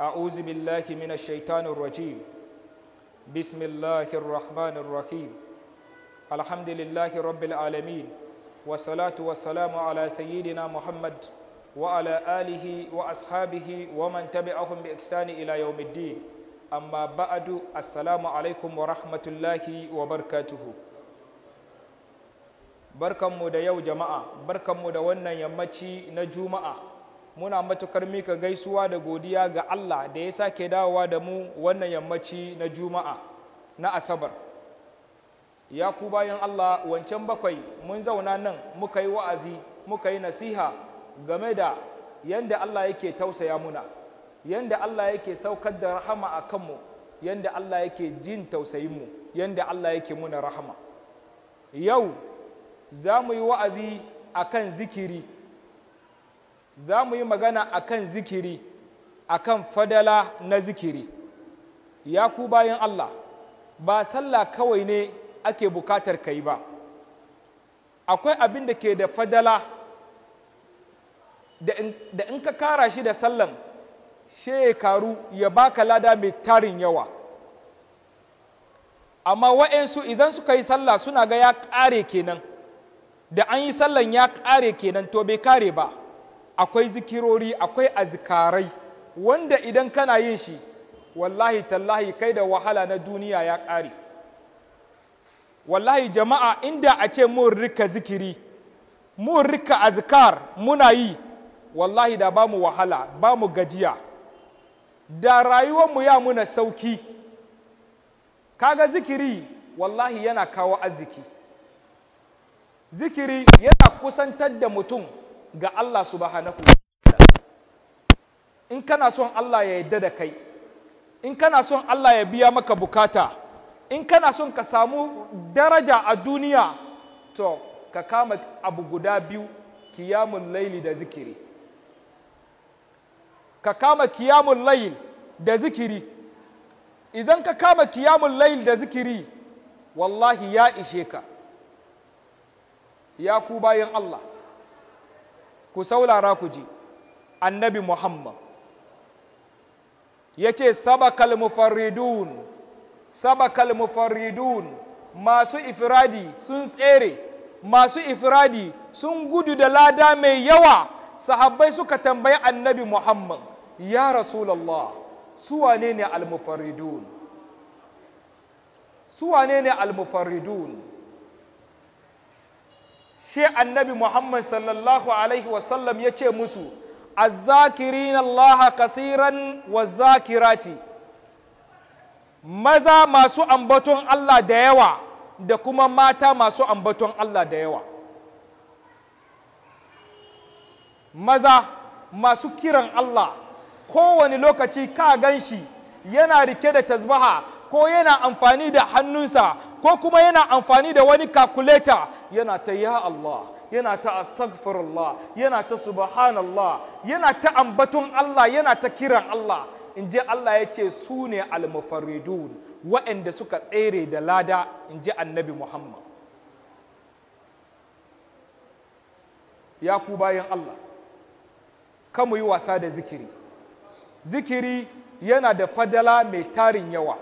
أعوذ بالله من الشيطان الرجيم بسم الله الرحمن الرحيم الحمد لله رب العالمين والصلاة والسلام على سيدنا محمد وعلى آله وأصحابه ومن تبعهم بإحسان إلى يوم الدين أما بعد السلام عليكم ورحمة الله وبركاته بركة مدى يو جماعة بركة مدى ونن يمتي نجومة muna matukar mika gaisuwa da godiya ga Allah da ya sake dawowa da mu wannan yammaci na juma'a na asabar ya ku bayan Allah wancan bakwai mun zauna nan muka yi wa'azi muka yi nasiha game da yanda Allah yake tausaya muna yanda Allah yake saukar da rahama a kanmu yanda Allah yake jin tausayinmu yanda Allah yake muna rahama yau za mu yi wa'azi a kan zikiri za mu yi magana a kan zikiri a kan fadala na zikiri ya ku bayan Allah ba sallah kawai ne ake bukatar ka yi ba akwai abin da ke da fadala da in ka kara shi da sallan shekaru ya baka lada mai tarin yawa amma waɗansu idan suka yi sallah suna ga ya kare kenan da an yi sallan ya ƙare kenan to bai kare ba akwai zikirori akwai azikarai wanda idan kana yin shi wallahi tallahi kai da wahala na duniya ya ƙare wallahi jama'a inda a ce mun rika zikiri mun rika azkar muna yi wallahi da ba mu wahala ba mu gajiya da rayuwanmu ya muna sauki kaga zikiri wallahi yana kawo arziki zikiri yana kusantar da mutum ga Allah subhanahu in kana son Allah ya yadda da kai in kana son Allah ya biya maka bukata in kana son ka samu daraja a duniya to ka kama abu guda biyu kiyamun laili da zikiri ka kama kiyamun lail da zikiri idan ka kama kiyamun layil da zikiri wallahi ya ishe ka ya ku bayan Allah ku saurara ku ji annabi muhammad ya ce sabakal mufarridun sabakal mufarridun masu ifiradi sun tsere masu ifiradi sun gudu da lada mai yawa sahabbai suka tambayi annabi muhammad ya rasulallah suwane ne almufarridun suwane ne almufarridun shi annabi muhammad sallallahu alaihi wasallam ya ce musu azzakirin allaha kasiran wa zakirati maza masu ambaton allah da yawa da kuma mata masu ambaton allah da yawa maza masu kiran allah kowane lokaci ka gan shi yana rike da tasbaha ko yana amfani da hannunsa ko kuma yana amfani da wani kalkuleta yana ta ya Allah yana ta astaghfirullah yana ta subhanallah yana ta ambaton Allah yana ta kiran Allah in ji Allah ya ce su ne almufarridun waɗanda suka tsere da lada in ji annabi Muhammad ya ku bayan Allah kamu yi wasa da zikiri zikiri yana da fadala mai tarin yawa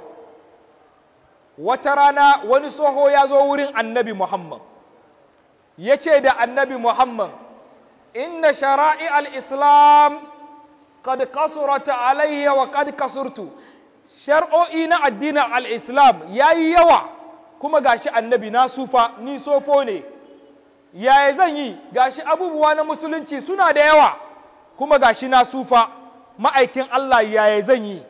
wata rana wani tsoho ya zo wurin annabi muhammad ya ce da annabi muhammad inna shara'i al-islam qad kasurata alayya wa qad kasurtu shar'o'i na addinin al-islam ya yi yawa kuma gashi annabi na sufa ni sofo ne yaya zan yi gashi abubuwa na musulunci suna da yawa kuma gashi na sufa ma'aikin Allah yaya zan yi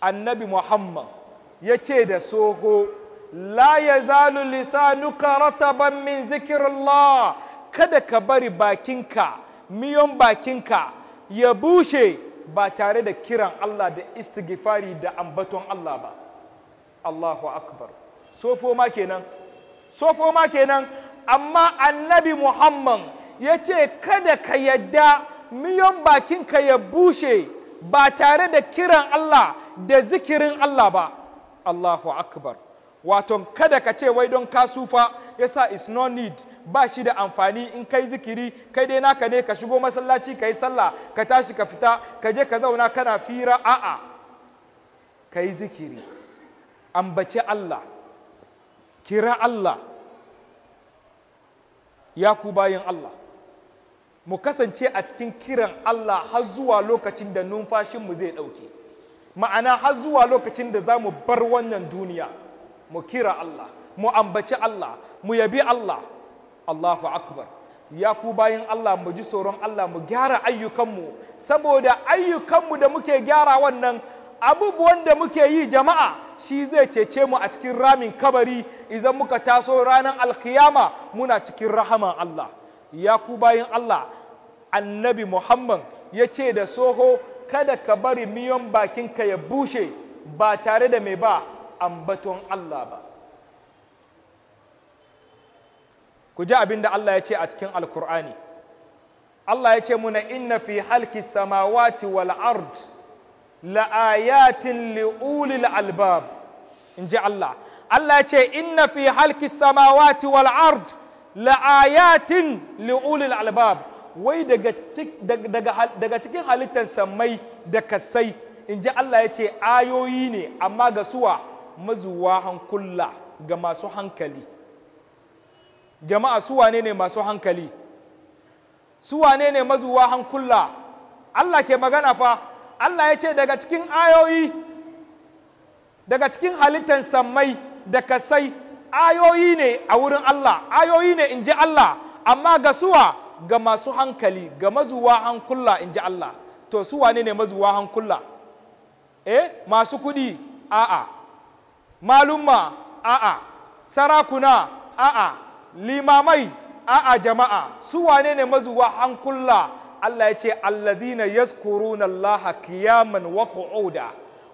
annabi muhammad ya ce da soho la ya zalu lisanuka rataban min zikirullah kada ka bari bakinka miyon bakinka ya bushe ba tare da kiran Allah da istighfari da ambaton Allah ba Allahu akbar sofo ma kenan sofo ma kenan amma annabi Muhammad ya ce kada ka yadda miyon bakinka ya bushe ba tare da kiran Allah da zikirin Allah ba Allahu akbar wato kada ka ce wai don kasufa yasa is no need ba shi da amfani in kai zikiri kai dai naka ne ka shigo masallaci ka yi sallah ka tashi ka fita ka je ka zauna kana fira a'a ka yi zikiri ambace Allah kira Allah ya ku bayan Allah mu kasance a cikin kiran Allah har zuwa lokacin da numfashinmu zai ɗauke. ma'ana har zuwa lokacin da za mu bar wannan duniya mu kira Allah mu ambaci Allah mu yabi Allah Allahu akbar ya ku bayan Allah mu ji tsoron Allah mu gyara ayyukanmu saboda ayyukanmu da muke gyara wannan abubuwan da muke yi jama'a shi zai cece mu a cikin ramin kabari idan muka taso ranar alkiyama muna cikin rahaman Allah ya ku bayan Allah annabi Muhammad ya ce da soho kada ka bari miyon bakinka ya bushe ba tare da mai ba ambaton Allah ba ku ji abin da Allah ya ce a cikin alkur'ani Allah ya ce muna inna fi halki samawati wal ard la ayatin albab in ji Allah Allah ya ce inna fi halki samawati wal ard la ayatin albab wai daga cikin halittar sammai da kasai in ji Allah ya ce ayoyi ne amma ga suwa mazuwa hankula ga masu hankali jama'a suwa ne ne masu hankali suwa ne ne mazuwa hankula Allah ke magana fa Allah ya ce daga cikin ayoyi daga cikin halittar sammai da kasai ayoyi ne a wurin Allah ayoyi ne in ji Allah amma ga suwa ga masu hankali ga mazuwa hankula in ji Allah to su wane ne mazuwa hankula eh masu kuɗi a'a malumma a'a sarakuna a'a limamai a'a jama'a su wane ne mazuwa hankula Allah ya ce allazina yazkuruna Allah qiyaman wa qu'uda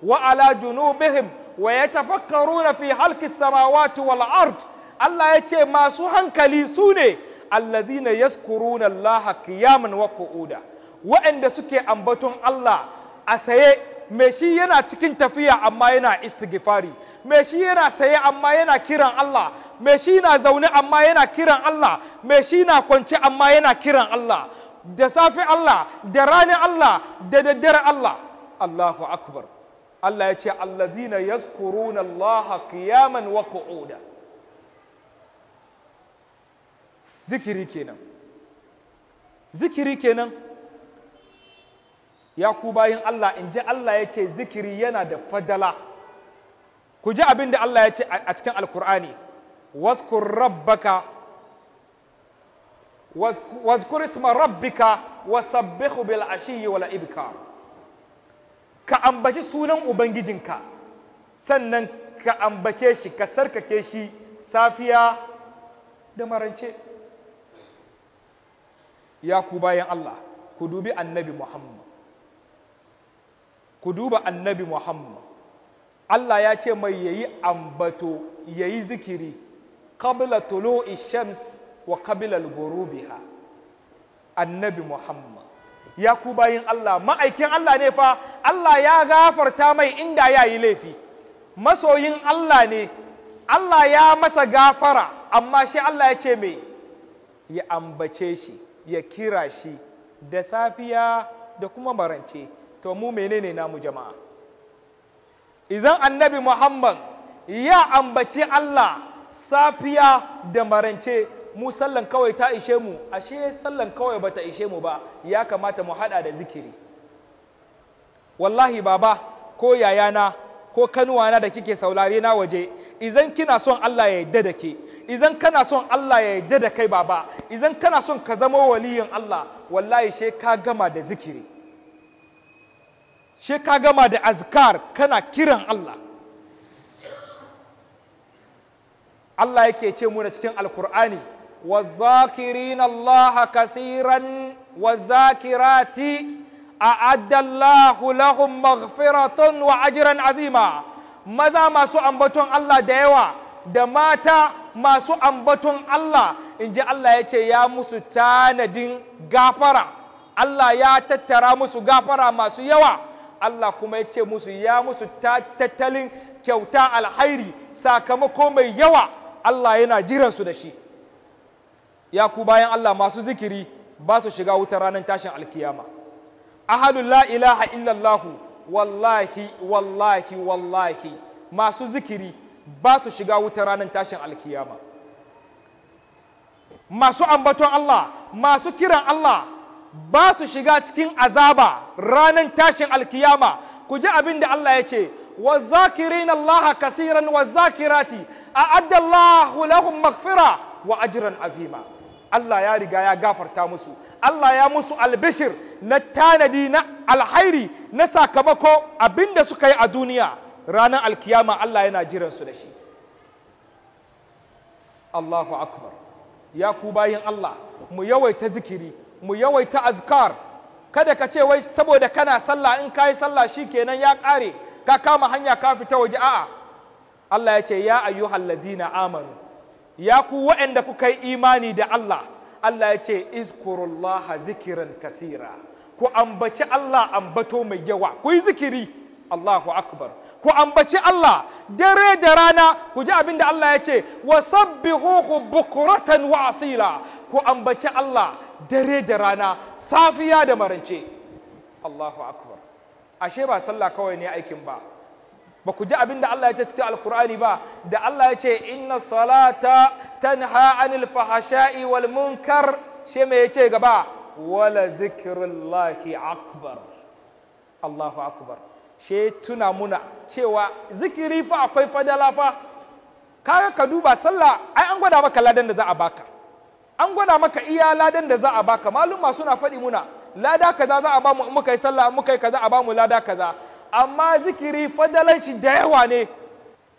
wa ala junubihim wa yatafakkaruna fi halqis samawati wal ard Allah ya ce masu hankali su ne allazina yaskuruna Allah qiyaman wa qu'uda waɗanda suke ambaton Allah a saye me shi yana cikin tafiya amma yana istighfari me shi yana saye amma yana kiran Allah me shi na zaune amma yana kiran Allah me shi na kwance amma yana kiran Allah da safe Allah da rani Allah da daddare Allah Allahu akbar Allah ya ce allazina yaskuruna Allah qiyaman wa qu'uda zikiri kenan zikiri kenan ya ku bayin Allah in ji Allah ya ce zikiri yana da fadala ku ji abin da Allah ya ce a cikin alkur'ani waskur rabbaka waskur isma rabbika wasabbihu bil ashiyyi wal ibka ka ambaci sunan ubangijinka sannan ka ambace shi ka sarkake shi safiya da marance ya ku bayan Allah ku dubi annabi Muhammad ku duba annabi Muhammad Allah ya ce mai yayi ambato yayi zikiri qabla tulu'i shams wa qabla al-ghurubiha annabi Muhammad ya ku bayin Allah ma'aikin Allah ne fa Allah ya gafarta mai inda ya yi laifi masoyin Allah ne Allah ya masa gafara amma shi Allah ya ce mai ya ambace shi ya kira shi da safiya da kuma marance to mu menene namu jama'a idan annabi muhammad ya ambaci allah safiya da marance mu sallan kawai ta ishe mu ashe sallan kawai bata ishe mu ba ya kamata mu hada da zikiri wallahi baba ko yayana ko kanuwana da kike saulare na waje idan kina son Allah ya yarda da ke idan kana son Allah ya yarda da kai baba idan kana son ka zama waliyin Allah wallahi she ka gama da zikiri she ka gama da azkar kana kiran Allah Allah yake ce mu na cikin alkur'ani wa zakirina Allah kasiran wa zakirati a'addallahu lahum maghfiratun wa ajran azima maza masu ambaton Allah da yawa da mata masu ambaton Allah in ji Allah ya ce ya musu tanadin gafara Allah ya tattara musu gafara masu yawa Allah kuma ya ce musu ya musu tattalin kyauta alhairi sakamako mai yawa Allah yana jiransu da shi ya ku bayan Allah masu zikiri ba su shiga wutar ranar tashin alkiyama ahadu la ilaha illallahu wallahi wallahi wallahi masu zikiri ba su shiga wutar ranar tashin alkiyama masu ambaton Allah masu kiran Allah ba su shiga cikin azaba ranar tashin alkiyama ku ji abin da Allah ya ce wa zakirin Allah kasiran wa zakirati a addallahu lahum magfira wa azima Allah ya riga ya gafarta musu Allah ya musu albishir na tanadi na alhairi na sakamako abinda suka yi a duniya ranar alkiyama Allah yana jiran su da shi Allahu akbar ya ku bayin Allah mu yawaita zikiri mu yawaita azkar kada ka ce wai saboda kana sallah in kayi sallah shi kenan ya kare. ka kama hanya ka fita waje a'a Allah ya ce ya ayyuhallazina amanu ya ku waɗanda kuka yi imani da Allah Allah ya ce izkurullaha zikiran kasira ku ambaci Allah ambato mai yawa ku yi zikiri Allahu akbar ku ambaci Allah dare da rana ku ji abin da Allah ya ce wa sabbihuhu bukuratan wa asila ku ambaci Allah dare da rana safiya da marance Allahu akbar ashe ba sallah kawai ne aikin ba ba ku ji abin da Allah ya ce cikin alkur'ani ba da Allah ya ce inna salata tanha anil fahasha'i wal munkar shi me yace gaba wala zikrullahi akbar Allahu akbar she tuna muna cewa zikiri fa akwai fadala fa kaga ka duba sallah ai an gwada maka ladan da za a baka an gwada maka iya ladan da za a baka maluma suna faɗi muna lada kaza za a bamu in muka yi sallah in muka yi kaza a ba mu lada kaza amma zikiri fadalan shi da yawa ne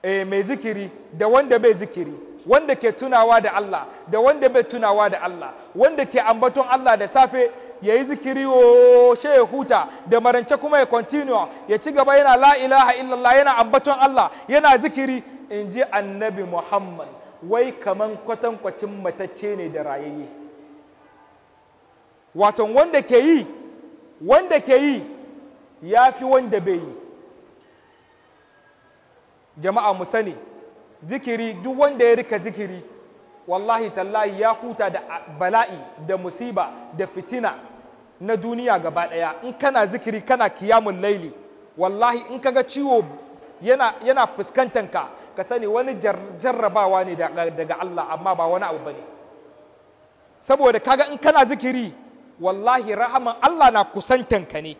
eh mai zikiri da wanda bai zikiri wanda ke tunawa da Allah da wanda bai tunawa da Allah wanda ke ambaton Allah da safe ya yi zikiri o she ya huta da marance kuma ya continue ya ci gaba yana la ilaha illallah yana ambaton Allah yana zikiri in ji annabi Muhammad wai kaman kwatankwacin matacce ne da rayayye watan wanda ke yi wanda ke yi ya fi wanda bai yi jama'a mu sani zikiri duk wanda ya rika zikiri wallahi tallahi ya huta da bala'i da musiba da fitina na duniya gaba ɗaya in kana zikiri kana kiyamun laili wallahi in kaga ciwo yana, fuskantar fuskantanka ka sani wani jarrabawa ne daga Allah amma ba wani abu bane saboda kaga in kana zikiri wallahi rahaman Allah na kusantanka ne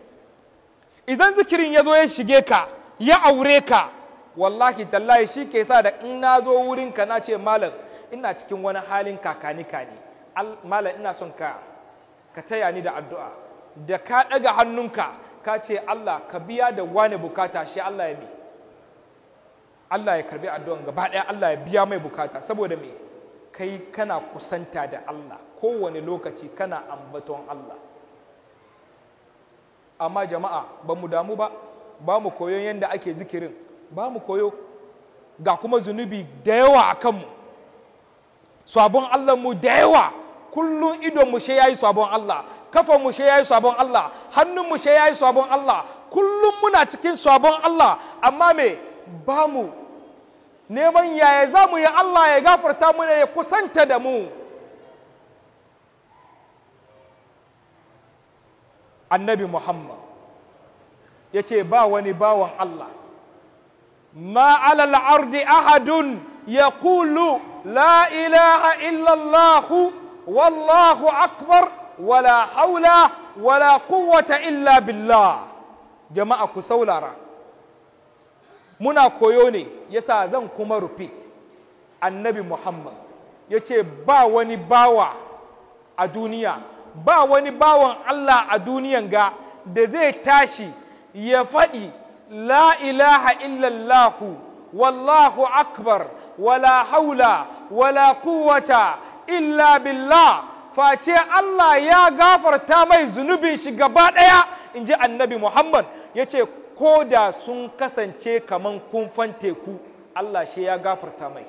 idan zikirin ya zo ya shige ka ya aure ka wallahi tallahi shi ke sa da in na zo wurinka na ce malam ina cikin wani halin kakani ne malam ina son ka ka taya ni da addu'a da ka ɗaga hannunka ka ce Allah ka biya da wani bukata shi Allah ya bi Allah ya karbi addu'an gaba ɗaya Allah ya biya mai bukata saboda me kai kana kusanta da Allah kowane lokaci kana ambaton Allah amma jama'a ba mu damu ba ba mu koyo yadda ake zikirin ba mu koyo ga kuma zunubi da yawa a kanmu sabon Allah mu da yawa kullum idon mu shi yayi sabon Allah kafa mu shi yayi sabon Allah hannun mu shi yayi sabon Allah kullum muna cikin sabon Allah amma me ba mu neman yaya za mu yi Allah ya gafarta mu ya kusanta da mu annabi Muhammad ya ce ba wani bawan Allah ma alal ardi ahadun ya kulu la ilaha illallahu wallahu akbar wala haula wala quwwata illa billah jama'a ku saulara muna koyo ne yasa zan kuma repeat annabi Muhammad ya ce ba wani bawa a duniya ba wani bawan Allah a duniyan ga da zai tashi ya faɗi la ilaha illallahu wallahu akbar wala haula wala kuwata illa billah face Allah ya gafarta mai zunubin shi gaba ɗaya in ji annabi Muhammad ya ce ko da sun kasance kaman kumfan teku Allah shi ya gafarta mai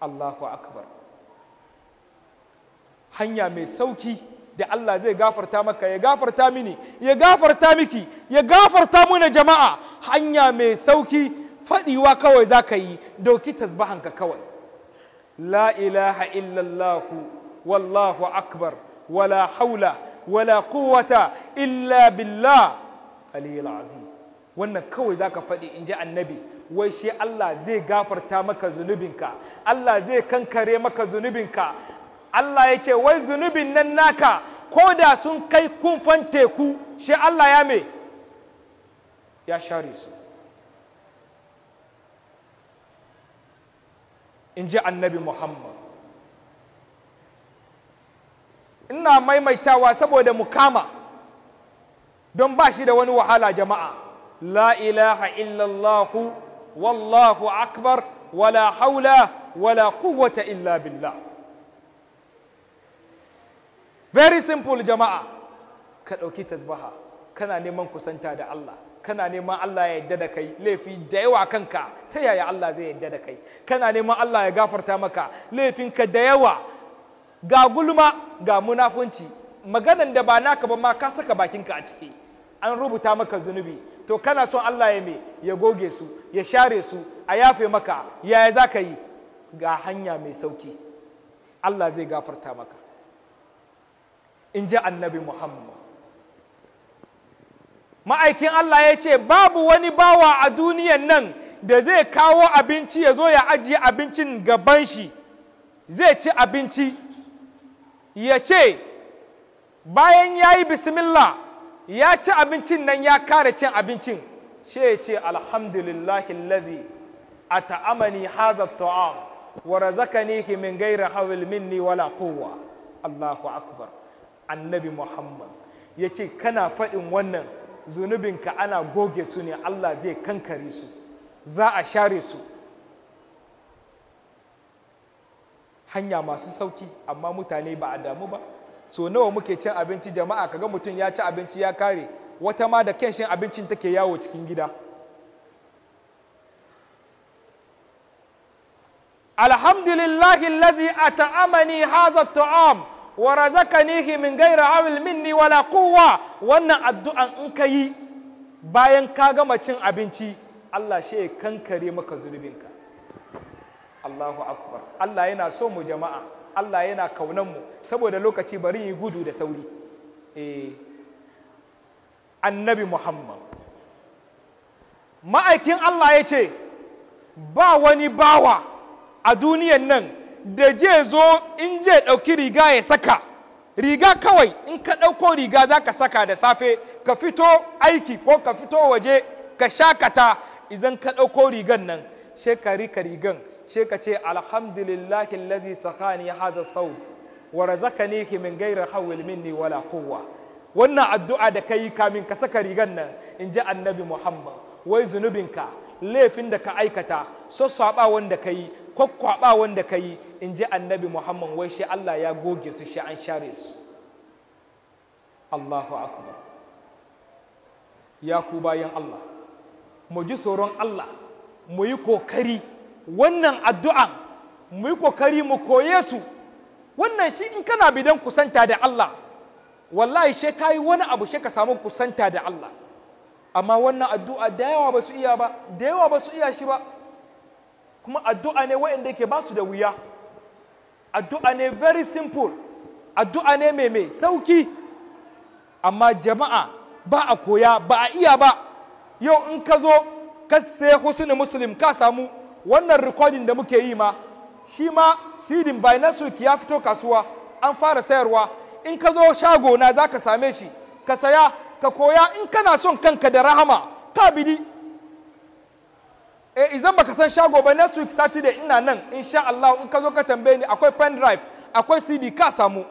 Allahu akbar hanya mai sauki da Allah zai gafarta maka ya gafarta mini ya gafarta miki ya gafarta muna jama'a hanya mai sauki faɗiwa kawai za ka yi dauki kawai la ilaha illallah wallahu akbar wala haula wala quwwata illa billah aliyul azim wannan kawai zaka faɗi inji annabi wai shi Allah zai gafarta maka zunubinka Allah zai kankare maka zunubinka Allah ya ce wai zunubin nan naka ko da sun kai kumfan teku shi Allah ya me ya share su in ji annabi Muhammad ina maimaitawa saboda mukama don ba shi da wani wahala jama'a la ilaha illallah, wallahu akbar wala haula wala quwwata illa billah very simple jama'a ka ɗauki tasbaha kana neman kusanta da Allah kana neman Allah ya yadda da kai laifi da yawa kanka ta yaya Allah zai yadda da kai kana neman Allah ya gafarta maka laifin ka da yawa ga gulma ga munafunci maganan da ba naka ba ma ka saka bakin ka a ciki an rubuta maka zunubi to kana son Allah ya me ya goge su ya share su a yafe maka yaya za ka yi ga hanya mai sauki Allah zai gafarta maka in ji annabi Muhammad. Ma'aikin Allah ya ce, Babu wani bawa a duniyan nan da zai kawo abinci ya zo ya ajiye abincin gaban shi, zai ci abinci, ya ce, Bayan ya yi bismillah, ya ci abincin nan ya kare cin abincin, shi ya ce, Alhamdulillahi lazi, a ta'amani haza ta'am, wa ne min gaira hawil minni wala kowa. Allahu akbar. annabi Muhammad ya ce kana faɗin wannan zunubinka ana goge su ne Allah zai kankare su za a share su hanya masu sauki amma mutane ba a damu ba so nawa muke cin abinci jama'a kaga mutum ya ci abinci ya kare wata ma da kenshin abincin take yawo cikin gida alhamdulillahi lazi ata'amani hadha ta'am wa razaqanihi min ghairi awil minni wala quwwa wannan addu'an in ka yi bayan ka gama cin abinci Allah shi ya kankare maka zunubinka Allahu akbar Allah yana so mu jama'a Allah yana kaunan mu saboda lokaci bari yi gudu da sauri eh annabi Muhammad ma'aikin Allah ya ce ba wani bawa a duniyar nan da je zo in je ɗauki riga ya saka riga kawai in ka ɗauko riga za ka saka da safe ka fito aiki ko ka fito waje ka shakata idan ka ɗauko rigan nan Shekarika ka rigan she ka ce alhamdulillahi lazi sakhani haza sau wa ki min gaira hawil minni wala kowa wannan addu'a da kai kamin ka saka rigan nan in ji annabi muhammad wai zunubinka laifin da ka aikata so saba wanda ka yi kwakwaba wanda ka yi in ji annabi muhammad wai shi allah ya goge su shi an share su allahu akbar ya ku bayan allah mu ji tsoron allah mu yi kokari wannan addu'a mu yi kokari mu koye su wannan shi in kana bidan kusanta da allah wallahi shi ka yi wani abu shi ka samu kusanta da allah amma wannan addu'a da yawa ba su iya ba da yawa ba su iya shi ba kuma addu'a ne waɗanda ke ba su da wuya addu'a ne very simple addu'a ne mai mai sauki amma jama'a ba a koya ba a iya ba yau in ka zo ka sai husnu muslim ka samu wannan rikodin da muke yi ma shi ma sidin by nasuki ya fito kasuwa an fara sayarwa in ka zo shago na za ka same shi ka saya ka koya in kana son kanka da rahama ka bidi eh idan baka san shago ba next week saturday ina nan insha Allah in ka zo ka tambaye ni akwai pen drive akwai cd ka samu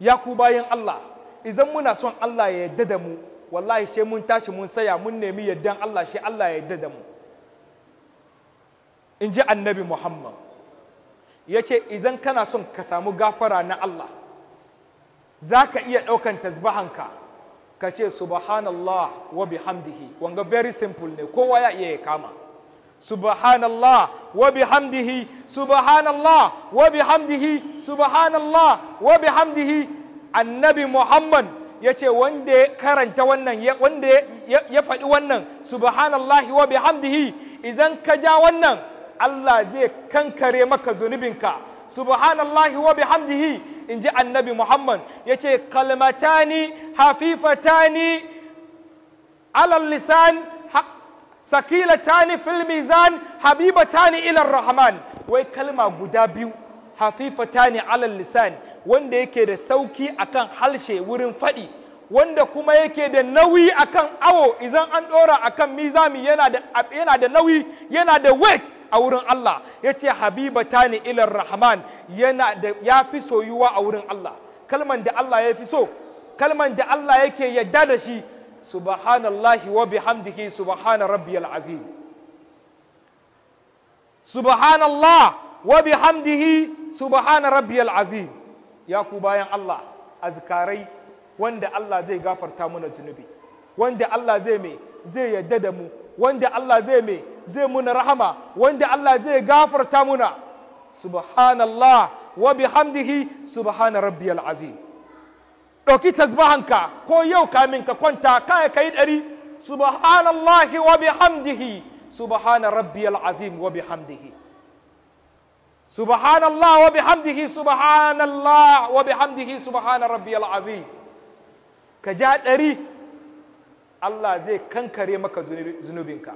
ya ku bayan Allah izan muna son Allah ya yarda da mu wallahi sai mun tashi mun saya mun nemi yaddan Allah shi Allah ya yarda da mu in ji annabi Muhammad ya ce idan kana son ka samu gafara na Allah za ka iya ɗaukan tasbahanka ka ce subhanallah wa bihamdihi wanga very simple ne kowa ya iya ya kama subhanallah wa bihamdihi subhanallah wa bihamdihi subhanallah wa bihamdihi annabi muhammad ya ce wanda ya karanta wannan wanda ya faɗi wannan Subhanallah wa bihamdihi idan ka ja wannan Allah zai kankare maka zunubinka Subhanallah wa bihamdihi in ji annabi muhammad ya ce kalmatani hafifatani alal lisan Sakila tani fil mizan tani ila rahman wai kalma guda biyu tani ala lisan wanda yake da sauki akan halshe wurin faɗi wanda kuma yake da nauyi akan awo idan an ɗora akan mizami yana da yana da nauyi yana da weight a wurin Allah yace Habiba tani ila rahman yana da yafi soyuwa a wurin Allah kalman da Allah ya fi so kalman da Allah yake yadda da shi subhanallahi wa bihamdihi subhana rabbiyal azim subhanallah wa bihamdihi subhana rabbiyal azim ya ku bayan Allah azkarai wanda Allah zai gafarta mana zunubi wanda Allah zai mai zai yadda da mu wanda Allah zai mai zai muna rahama wanda Allah zai gafarta muna subhanallah wa bihamdihi subhana rabbiyal azim ɗauki tasbahanka ko yau kamin ka kwanta kai ka yi ɗari subhanallahi wa bihamdihi subhana rabbiyal azim wa bihamdihi subhanallah wa bihamdihi subhanallah wa bihamdihi subhana rabbiyal azim ka ja ɗari Allah zai kankare maka zunubinka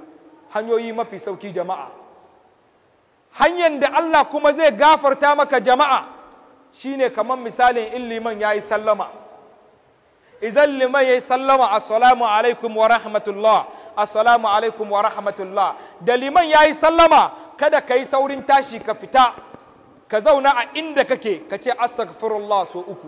hanyoyi mafi sauki jama'a hanyar da Allah kuma zai gafarta maka jama'a shine kamar misalin in liman ya yi sallama idan liman ya yi sallama assalamu alaikum wa rahmatullah assalamu alaikum wa rahmatullah da liman ya yi sallama kada ka yi saurin tashi ka fita ka zauna a inda kake ka ce astaghfirullah so uku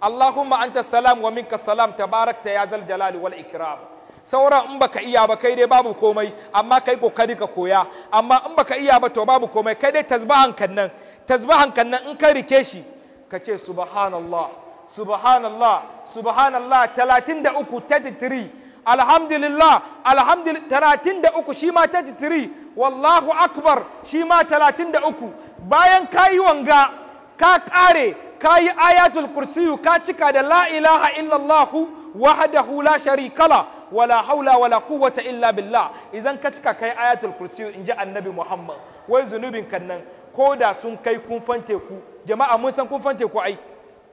allahumma anta salam wa minka salam tabarakta ya zal jalali wal ikram sauran in baka iya ba kai dai babu komai amma kai kokari ka koya amma in baka iya ba to babu komai kai dai tasbahan kannan, nan kannan in ka rike shi ka ce subhanallah subhanallah subhanallah 33 33 alhamdulillah alhamdulillah 33 shi 33 wallahu akbar shi ma 33 bayan kayi wanga ka kare kayi ayatul kursi ka cika da la ilaha illallah wahdahu la sharika la wala haula wala quwwata illa billah idan ka cika kai ayatul kursi inji annabi muhammad wai zunubin ka nan ko da sun kai kun fante ku jama'a mun san kun fante ku ai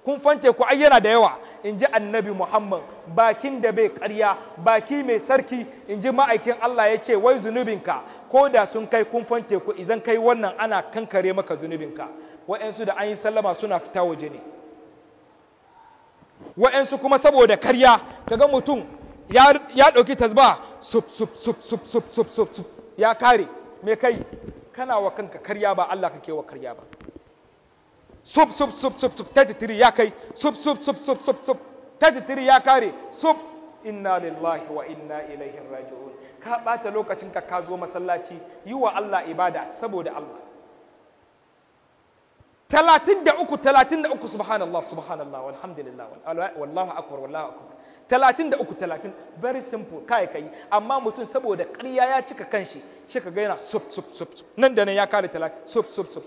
kun fante ku ai yana da yawa in ji annabi muhammad bakin da bai karya baki mai sarki in ji ma'aikin allah ya ce wai zunubinka ko da sun kai kun fante ku idan kai wannan ana kankare maka zunubinka wa'yansu da an yi sallama suna fita waje ne wa'yansu kuma saboda karya kaga mutum ya ɗauki tasba sup sup sup sup sup sup sup ya kare me kai kana wa kanka karya ba allah kake wa karya ba sub sub sub sub sub 33 ya kai sub sub sub sub sub sub 33 ya kare sub inna lillahi wa inna ilaihi raji'un ka bata lokacin ka ka zo masallaci yi wa Allah ibada saboda Allah 33 33 subhanallah subhanallah walhamdulillah wallahu akbar wallahu akbar 33 30 very simple kai kai amma mutum saboda ƙarya ya cika kanshi shi ka ga yana sub sub sub nan da nan ya kare 30 sub sub sub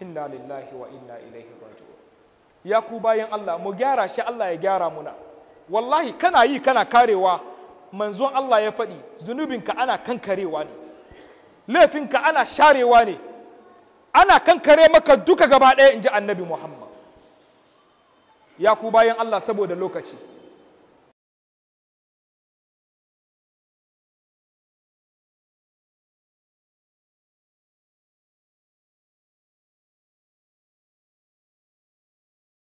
inna lillahi wa inna ilaihi raji'un ya ku bayan Allah mu gyara shi Allah ya gyara muna wallahi kana yi kana karewa manzon Allah ya faɗi zunubinka ana kankarewa ne laifinka ana sharewa ne ana kankare maka duka gaba ɗaya in ji annabi muhammad ya ku bayan Allah saboda lokaci